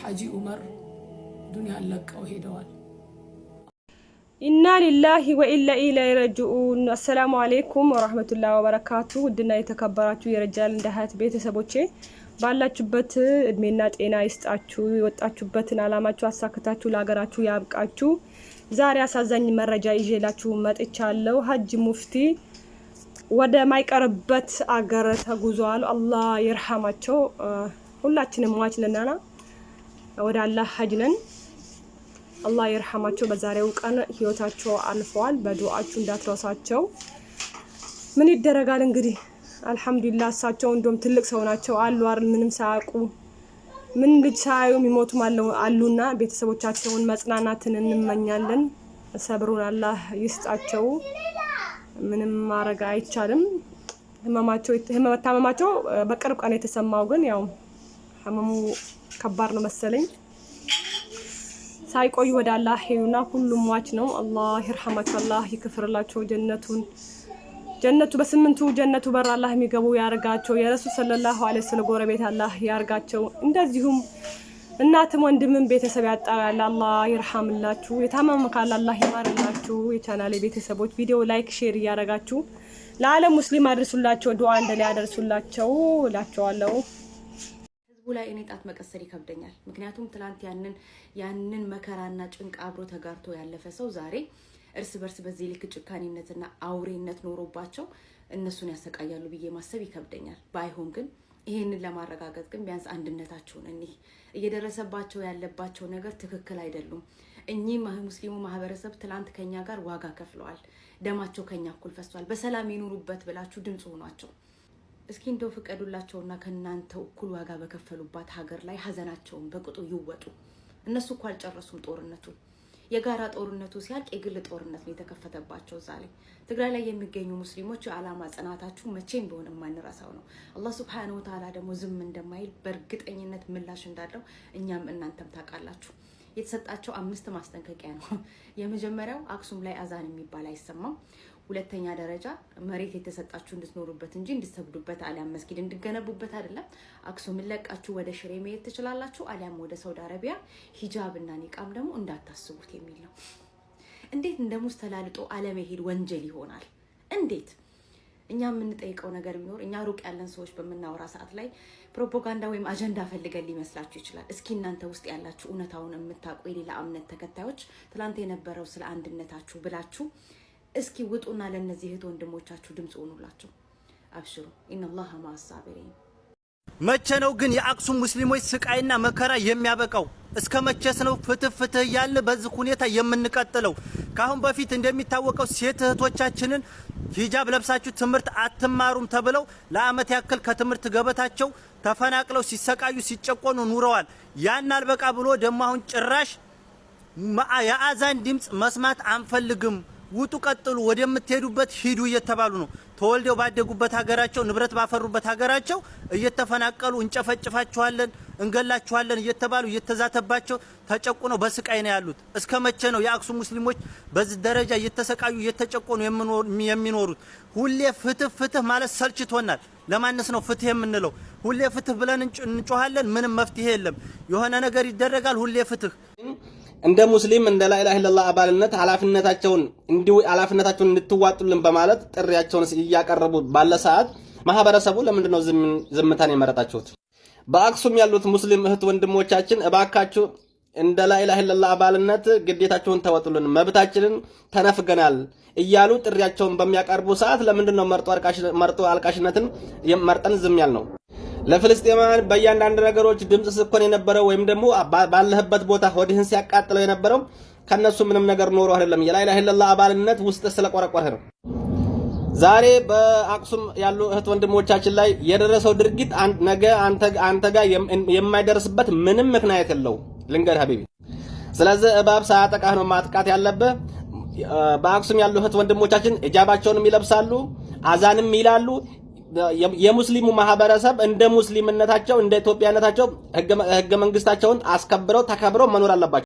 ሐጂ ዑመር ዱንያን ለቀው ሄደዋል። ኢና ሊላሂ ወኢላ ኢለይሂ ረጅኡን። አሰላሙ አሌይኩም ወራህመቱላሂ ወበረካቱ። ውድና የተከበራችሁ የረጃል እንደ ሀያት ቤተሰቦቼ ባላችሁበት እድሜና ጤና ይስጣችሁ። የወጣችሁበትን አላማችሁ አሳክታችሁ ለሀገራችሁ ያብቃችሁ። ዛሬ አሳዛኝ መረጃ ይዤላችሁ መጥቻለሁ። ሀጅ ሙፍቲ ወደ ማይቀርበት አገር ተጉዟል። አላህ ይርሐማቸው። ሁላችንም ሟች ነና ወደ አላህ ሀጅ ነን። አላህ ይርሐማቸው። በዛሬው ቀን ህይወታቸው አልፈዋል። በዱዓችሁ እንዳትረሳቸው። ምን ይደረጋል እንግዲህ አልሐምዱሊላህ። እሳቸው እንደም ትልቅ ሰው ናቸው አሉ አይደል? ምንም ሳያውቁ ምን ልጅ ሳያዩ የሚሞቱም አሉና ቤተሰቦቻቸውን መጽናናትን እንመኛለን። ሰብሩን አላህ ይስጣቸው። ምንም ማድረግ አይቻልም። ህመማቸው መታመማቸው በቅርብ ቀን የተሰማው ግን ያው ህመሙ ከባድ ነው መሰለኝ። ሳይቆይ ወደ አላህ ሄዩና ሁሉም ዋች ነው። አላህ ይርሐማቸው፣ አላህ ይክፍርላቸው። ጀነቱን ጀነቱ በስምንቱ ጀነቱ በር አላህ የሚገቡ ያርጋቸው። የረሱል ሰለላሁ ዐለይሂ ወሰለም ጎረቤት አላህ ያርጋቸው። እንደዚሁም እናትም ወንድምም ቤተሰብ ያጣ ያለ አላህ ይርሐምላችሁ። የታመመ ካለ አላህ ይማርላችሁ። የቻናሌ ቤተሰቦች ቪዲዮ ላይክ፣ ሼር እያረጋችሁ ለዓለም ሙስሊም አድርሱላቸው፣ ዱዓ እንደላይ አደርሱላቸው እላቸዋለሁ። ላይ እኔ ጣት መቀሰር ይከብደኛል። ምክንያቱም ትላንት ያንን ያንን መከራና ጭንቅ አብሮ ተጋርቶ ያለፈ ሰው ዛሬ እርስ በርስ በዚህ ልክ ጭካኔነትና አውሬነት ኖሮባቸው እነሱን ያሰቃያሉ ብዬ ማሰብ ይከብደኛል። ባይሆን ግን ይህንን ለማረጋገጥ ግን ቢያንስ አንድነታቸውን እኒህ እየደረሰባቸው ያለባቸው ነገር ትክክል አይደሉም። እኚህ ሙስሊሙ ማህበረሰብ ትላንት ከኛ ጋር ዋጋ ከፍለዋል። ደማቸው ከኛ እኩል ፈሷል። በሰላም ይኑሩበት ብላችሁ ድምፅ ሆኗቸው እስኪ እንደው ፍቀዱላቸውና ከእናንተ እኩል ዋጋ በከፈሉባት ሀገር ላይ ሀዘናቸውን በቅጡ ይወጡ። እነሱ እኮ አልጨረሱም ጦርነቱን። የጋራ ጦርነቱ ሲያልቅ የግል ጦርነት ነው የተከፈተባቸው። እዛ ላይ ትግራይ ላይ የሚገኙ ሙስሊሞች የዓላማ ጽናታችሁ መቼም ቢሆን የማንረሳው ነው። አላህ ሱብሓነሁ ወተዓላ ደግሞ ዝም እንደማይል በእርግጠኝነት ምላሽ እንዳለው እኛም እናንተም ታውቃላችሁ። የተሰጣቸው አምስት ማስጠንቀቂያ ነው። የመጀመሪያው አክሱም ላይ አዛን የሚባል አይሰማም። ሁለተኛ ደረጃ መሬት የተሰጣችሁ እንድትኖሩበት እንጂ እንድትሰግዱበት አሊያም መስጊድ እንድገነቡበት አይደለም። አክሶ ለቃችሁ ወደ ሽሬ መሄድ ትችላላችሁ፣ አሊያም ወደ ሳውዲ አረቢያ። ሂጃብ እና ኒቃም ደግሞ እንዳታስቡት የሚል ነው። እንዴት እንደ ሙስ ተላልጦ አለመሄድ ወንጀል ይሆናል? እንዴት እኛ የምንጠይቀው ነገር ቢኖር እኛ ሩቅ ያለን ሰዎች በምናወራ ሰዓት ላይ ፕሮፓጋንዳ ወይም አጀንዳ ፈልገን ሊመስላችሁ ይችላል። እስኪ እናንተ ውስጥ ያላችሁ እውነታውን የምታውቁ የሌላ እምነት ተከታዮች ትላንት የነበረው ስለ አንድነታችሁ ብላችሁ እስኪ ውጡና ለእነዚህ እህት ወንድሞቻችሁ ድምፅ ሆኑላቸው። አብሽሩ ኢነላህ ማአሳቢሪን። መቼ ነው ግን የአክሱም ሙስሊሞች ስቃይና መከራ የሚያበቃው? እስከ መቼስ ነው ፍትህ ፍትህ በዚህ ሁኔታ የምንቀጥለው? ካሁን በፊት እንደሚታወቀው ሴት እህቶቻችንን ሂጃብ ለብሳችሁ ትምህርት አትማሩም ተብለው ለአመት ያክል ከትምህርት ገበታቸው ተፈናቅለው ሲሰቃዩ ሲጨቆኑ ኑረዋል። ያን አልበቃ ብሎ ደግሞ አሁን ጭራሽ የአዛን ድምፅ መስማት አንፈልግም ውጡ፣ ቀጥሉ፣ ወደምትሄዱበት ሂዱ እየተባሉ ነው። ተወልደው ባደጉበት ሀገራቸው ንብረት ባፈሩበት ሀገራቸው እየተፈናቀሉ እንጨፈጭፋችኋለን፣ እንገላችኋለን እየተባሉ እየተዛተባቸው ተጨቁነው በስቃይ ነው ያሉት። እስከ መቼ ነው የአክሱም ሙስሊሞች በዚህ ደረጃ እየተሰቃዩ እየተጨቆኑ የሚኖሩት? ሁሌ ፍትህ ፍትህ ማለት ሰልችቶናል። ለማንስ ነው ፍትህ የምንለው? ሁሌ ፍትህ ብለን እንጮሃለን። ምንም መፍትሄ የለም። የሆነ ነገር ይደረጋል። ሁሌ ፍትህ እንደ ሙስሊም እንደ ላኢላሃ ኢለላህ አባልነት ኃላፊነታቸውን እንዲው ኃላፊነታቸውን እንድትዋጡልን በማለት ጥሪያቸውን እያቀረቡ ባለ ሰዓት ማህበረሰቡ ለምንድን ነው ዝምታን የመረጣችሁት? በአክሱም ያሉት ሙስሊም እህት ወንድሞቻችን እባካችሁ እንደ ላኢላሃ ኢለላህ አባልነት ግዴታቸውን ተወጡልን፣ መብታችንን ተነፍገናል እያሉ ጥሪያቸውን በሚያቀርቡ ሰዓት ለምንድን ነው መርጦ አልቃሽነትን መርጠን ዝም ያልነው? ለፍልስጤማውያን በእያንዳንድ ነገሮች ድምፅ ስኮን የነበረው ወይም ደግሞ ባለህበት ቦታ ሆድህን ሲያቃጥለው የነበረው ከነሱ ምንም ነገር ኖሮ አይደለም። የላይላ ለላ አባልነት ውስጥ ስለቆረቆረ ነው። ዛሬ በአክሱም ያሉ እህት ወንድሞቻችን ላይ የደረሰው ድርጊት ነገ አንተ ጋር የማይደርስበት ምንም ምክንያት የለው። ልንገድ ሀቢቢ። ስለዚህ እባብ ሳያጠቃህ ነው ማጥቃት ያለብህ። በአክሱም ያሉ እህት ወንድሞቻችን እጃባቸውንም ይለብሳሉ፣ አዛንም ይላሉ። የሙስሊሙ ማህበረሰብ እንደ ሙስሊምነታቸው እንደ ኢትዮጵያነታቸው ህገ መንግስታቸውን አስከብረው ተከብረው መኖር አለባቸው።